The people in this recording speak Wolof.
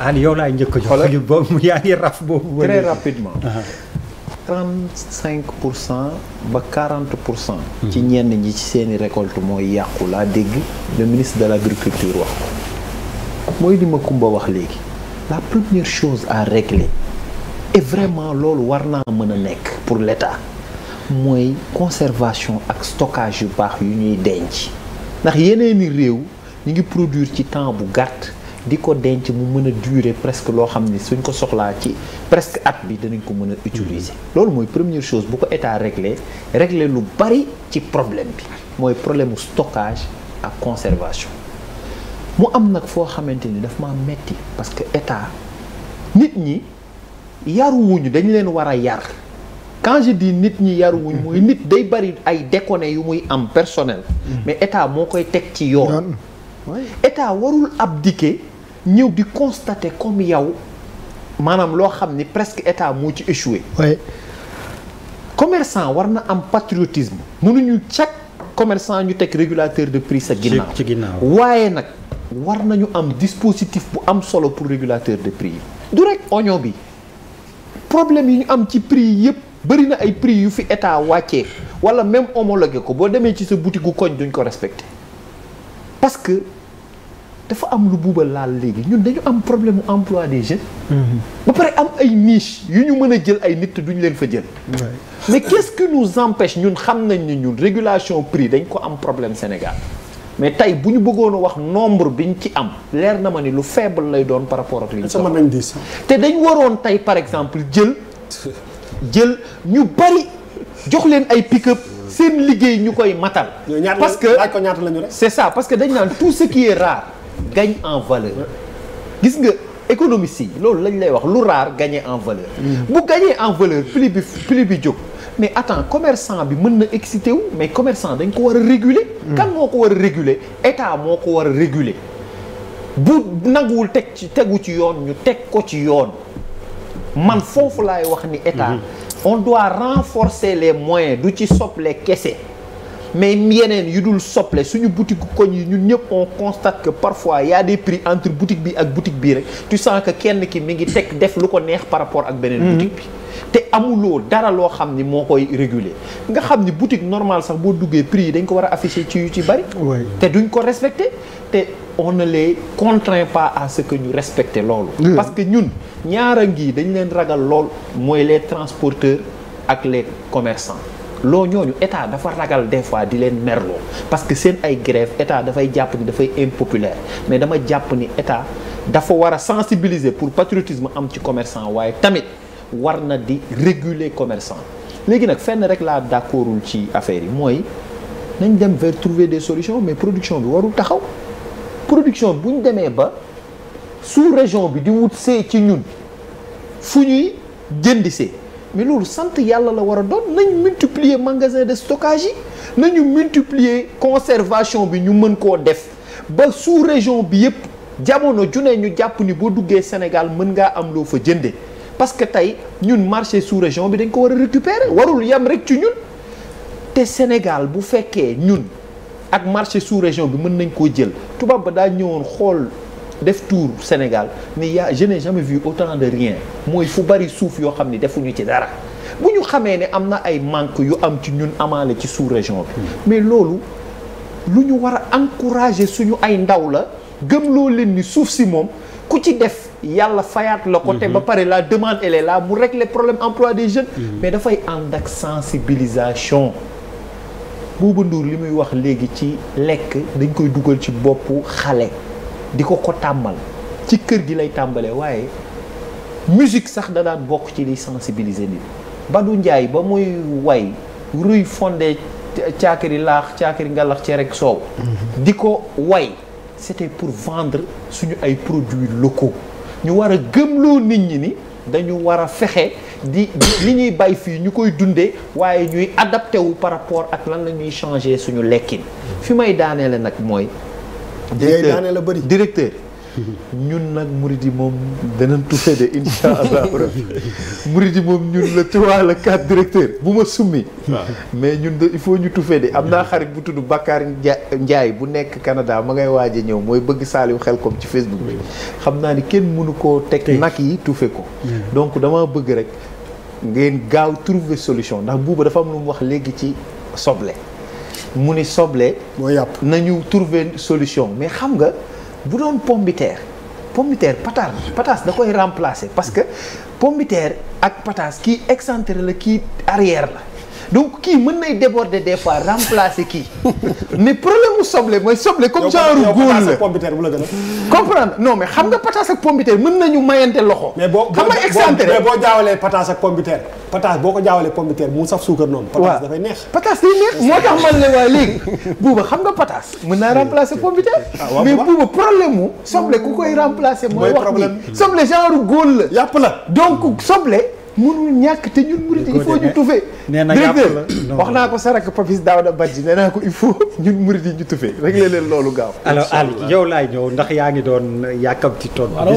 an yow laay njëkk a jox boobu yaa ngi raf boobu. très rapidement. 35 pour cent ba 40 pour cent. Mhm. ci ñenn ñi ci seeni récolte mooy yàqu laa dégg le ministre de l' agriculture wax ko mooy li ma Kumba wax léegi la première chose à régler et vraiment loolu war naa mën a nekk pour l' mooy conservation ak stockage yu baax yu ñuy denc ndax yeneeni réew ñu ngi produire ci temps bu gàtt. di ko denc mu mën a durer presque loo xam ni suñ ko soxlaa ci presque at bi danañ ko mën a utiliser. Mm-hmm. loolu mooy première chose bu ko état réglé réglé lu bari ci problème bi mooy problème mu stockage ak conservation mu am nag foo xamante ni daf maa metti parce que état nit ñi yaruwuñu dañ leen war a yar. quand je nit ñi yaruwuñ mm-hmm. mooy nit day bari ay déconné yu muy am personnel mm-hmm. mais état moo koy teg ci yoon état warul abdiquer ñëw di constater comme yow maanaam loo xam ni presque état moo ci échoué. commerçant war na am patriotisme. mënuñu chaque commerçant ñu teg régulateur de prix sa ginnaaw ci ginnaaw waaye nag war nañu am dispositif bu am solo pour régulateur de prix yi. du rek oignon bi problème yi ñu am ci prix yëpp bëri na ay prix yu fi état wàcce wala même homologué ko boo demee ci sa boutique gu koñ duñ ko respecté parce dafa am lu buuba laal léegi ñun dañu am problème mu emploi des jeunes. Mhm. ba pare am ay niche yu ñu mën a jël ay nit te duñ leen fa jël. mais qu'est-ce que nous empêche ñun xam nañ ni ñun régulation prix dañ ko am problème Sénégal. mais tey bu ñu bëggoon a wax nombre bi biñ ci am leer na ma ni lu faible lay doon par rapport ak li ñu te dañ waroon tey par exemple jël jël ñu bari jox leen ay pick-up seen liggéey ñu koy matal. parce que ñaata la ñu rek c'est ça parce que dañ naan tout ce gagne en valeur gis nga économiste yi loolu lañ lay wax lu raar gagner en valeur mm. bu gagner en valeur prix bi prix bi jóg mais attends commerçant bi mën na excité wu mais commerçant dañ ko war a réguler mm. kan moo ko war a réguler état moo ko war a réguler bu nanguwul teg ci tegu ci yoon ñu teg ko ci yoon man foofu lay wax ni état mm-hmm. on doit renforcer les moyens du ci soble kese mais yeneen yu dul sople suñu boutique koñ yi ñun ñëpp on constate que parfois y a prix entre boutique bi ak boutique bii rek tu sens que kenn ki mi ngi teg def lu ko neex par rapport ak beneen mhm. boutique bi te amuloo dara loo xam ni moo koy réguler nga xam ni boutique normale sax boo duggee prix yi dañ ko war a afficher ci yu ci bari te duñ ko respecter te on ne les contraint pas à ce que ñu respecter loolu parce que ñun ñaara ngi dañ leen ragal lool mooy les transporteurs ak les commerçants loo ñooñu état dafa ragal des fois di leen merloo parce que seen ay grève état dafay jàpp ni dafay impopulaire mais dama jàpp ni état dafa war a sensibiliser pour patriotisme am ci commerçant waaye tamit war na di réguler commerçant léegi nag fenn rek laa d'accordul ci affaire yi mooy nañ dem vers trouver des solution mais production bi warul taxaw production bu ñu demee ba sous région bi di wut see ci ñun fu ñuy jëndisee mi loolu sant yàlla la war a doon nañ multiplier magasin de stockage yi nañu multiplier conservation bi ñu mën koo def ba sous région bi yëpp jamono ju ne ñu jàpp ni boo duggee Sénégal mën ngaa am loo fa jënde parce que tey ñun marché sous région bi dañ ko war a récupérer warul yam rek ci ñun te Sénégal bu fekkee ñun ak marché sous région bi mën nañ koo jël tubaab ba daa ñëwoon xool. def tour Sénégal ni yaa je n'ai jamais vu autant de rien mooy fu bari suuf yoo xam ni defuñu ci dara bu ñu xamee ne am na ay manque yu am ci ñun amaale ci sous-région bi mais loolu lu ñu war a encourager suñu ay ndaw la gëm loo leen ni suuf si moom ku ci def yàlla fayaat la ko te mhm. ba pare la demande elle est là mu régler problème emploi des jeunes mhm. mais dafay ànd ak sensibilisation Bouba Ndour li muy wax léegi ci lekk dañ koy dugal ci boppu xale di ko ko tàmbal ci kër gi lay tàmbalee waaye musique sax da daan bokk ci liy sensibiliser nit Badou Ndiaye ba muy way ruy fondé caakiri laax caakiri ngalax cere ak soow mhm. di ko way c'était pour vendre suñu ay produits locaux ñu war a loo nit ñi ni dañu war a fexe di li ñuy bay fii ñu koy dundee waaye ñuy adapté wu par rapport ak lan la ñuy changer suñu lekkin mhm. fi may daaneele nag mooy la bëri directeur ñun nag murid yi moom danañ touché de insha allah rabbi murid yi moom ñun le trois directeur bu ma summi mais ñun de il faut ñu touché de am naa xarit bu tudd Bakar Njaay bu nekk Canada ma ngay waaj a ñëw mooy bëgg xel Xelkom ci Facebook bi xam naa ni kenn mënu koo teg nag yi toufe ko donc dama bëgg rek ngeen gaaw trouver solution ndax buuba dafa am lu mu wax léegi ci soble mu ni soble. mooy yàpp nañu trouver solution mais xam nga bu doon pomme de pataas pataas da koy remplacer parce que pomme ak pataas kii exentre la kii arrière la. donc kii mën nay déborder des fois remplacer kii mais problème mu soble mooy soble comme genre góor la comprendre non mais xam nga pataas ak pombiteer mën nañu mayante loxo mais boo jaawalee pataas ak pombiteer pataas boo ko jaawalee pombiteer mu saf suukar noonu pataas dafay neex pataas day neex moo tax man la waaye xam nga pataas mën naa remplacer pombiteer ah, mais buuba problème mu soble ku koy remplacer mooy wax ni soble genre góor la yàpp la donc soble mënul ñàkk te ñun murit il faut ñu tufe directeur wax naa ko sarak Papis Daouda Badji nee naa ko il faut ñun murit yi ñu tufe rek leen loolu gaaw alors Aliou yow laay ñëw ndax yaa ngi doon yàkkamti toon